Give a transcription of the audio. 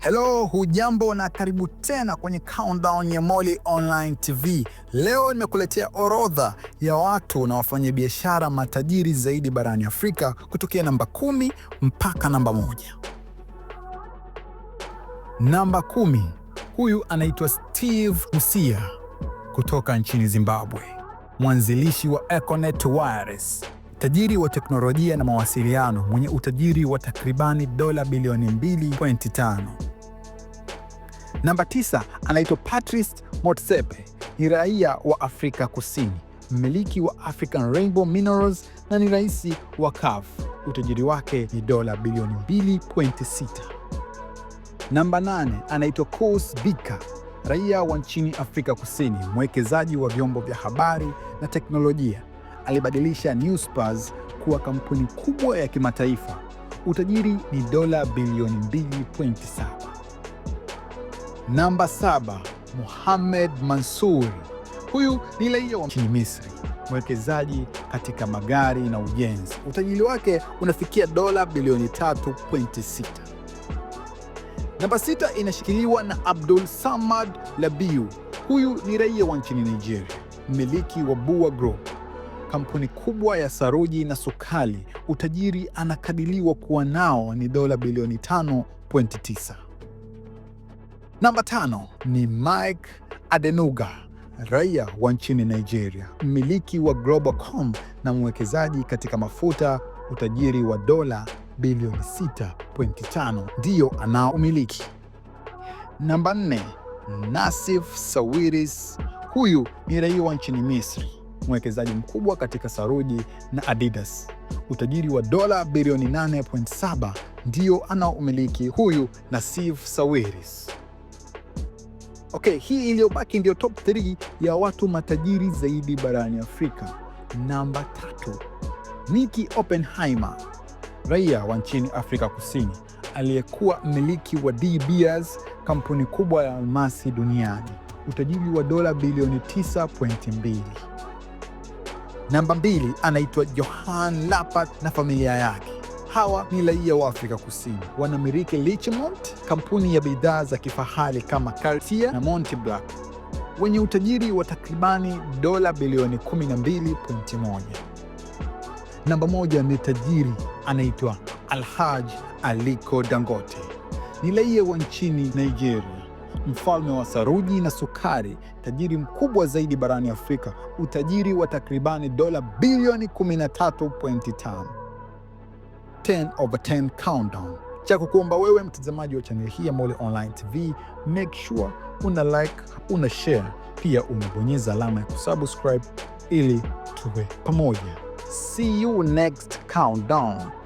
Hello, hujambo na karibu tena kwenye Countdown ya Moli Online TV. Leo nimekuletea orodha ya watu na wafanyabiashara matajiri zaidi barani Afrika kutokea namba kumi mpaka namba moja. Namba kumi, huyu anaitwa Steve Musia kutoka nchini Zimbabwe, mwanzilishi wa Econet Wireless tajiri wa teknolojia na mawasiliano mwenye utajiri wa takribani dola bilioni 2.5. Namba 9 anaitwa Patrice Motsepe, ni raia wa Afrika Kusini, mmiliki wa African Rainbow Minerals na ni rais wa CAF. Utajiri wake ni dola bilioni 2.6. Namba 8 anaitwa Koos Bika, raia wa nchini Afrika Kusini, mwekezaji wa vyombo vya habari na teknolojia alibadilisha Newspaz kuwa kampuni kubwa ya kimataifa. Utajiri ni dola bilioni 2.7. Namba saba, Mohamed Mansour. Huyu ni raia wa nchini Misri, mwekezaji katika magari na ujenzi. Utajiri wake unafikia dola bilioni 3.6. Namba sita inashikiliwa na Abdul Samad Labiu. Huyu ni raia wa nchini Nigeria, mmiliki wa Bua Group kampuni kubwa ya saruji na sukari, utajiri anakadiriwa kuwa nao ni dola bilioni 5.9. Namba tano ni Mike Adenuga, raia wa nchini Nigeria, mmiliki wa Globacom na mwekezaji katika mafuta, utajiri wa dola bilioni 6.5 ndiyo anaomiliki. Namba nne, Nasif Sawiris, huyu ni raia wa nchini Misri mwekezaji mkubwa katika saruji na Adidas. Utajiri wa dola bilioni 8.7 ndio anaomiliki huyu Nassif Sawiris. Okay, hii iliyobaki ndio top 3 ya watu matajiri zaidi barani Afrika. Namba tatu, Nicky Oppenheimer, raia wa nchini Afrika Kusini aliyekuwa mmiliki wa De Beers, kampuni kubwa ya almasi duniani. Utajiri wa dola bilioni 9.2. Namba mbili anaitwa johan lapat na familia yake. Hawa ni raia wa Afrika Kusini, wanamiliki Richemont, kampuni ya bidhaa za kifahari kama Cartier na Montblanc, wenye utajiri wa takribani dola bilioni 12.1. Namba moja ni tajiri anaitwa alhaj Aliko Dangote, ni raia wa nchini Nigeria, mfalme wa saruji na kale tajiri mkubwa zaidi barani Afrika, utajiri wa takribani dola bilioni 13.5. 10 over 10 countdown cha kukuomba wewe mtazamaji wa chaneli hii ya Mole Online TV, make sure una like, una share, pia umebonyeza alama ya kusubscribe ili tuwe pamoja. See you next countdown.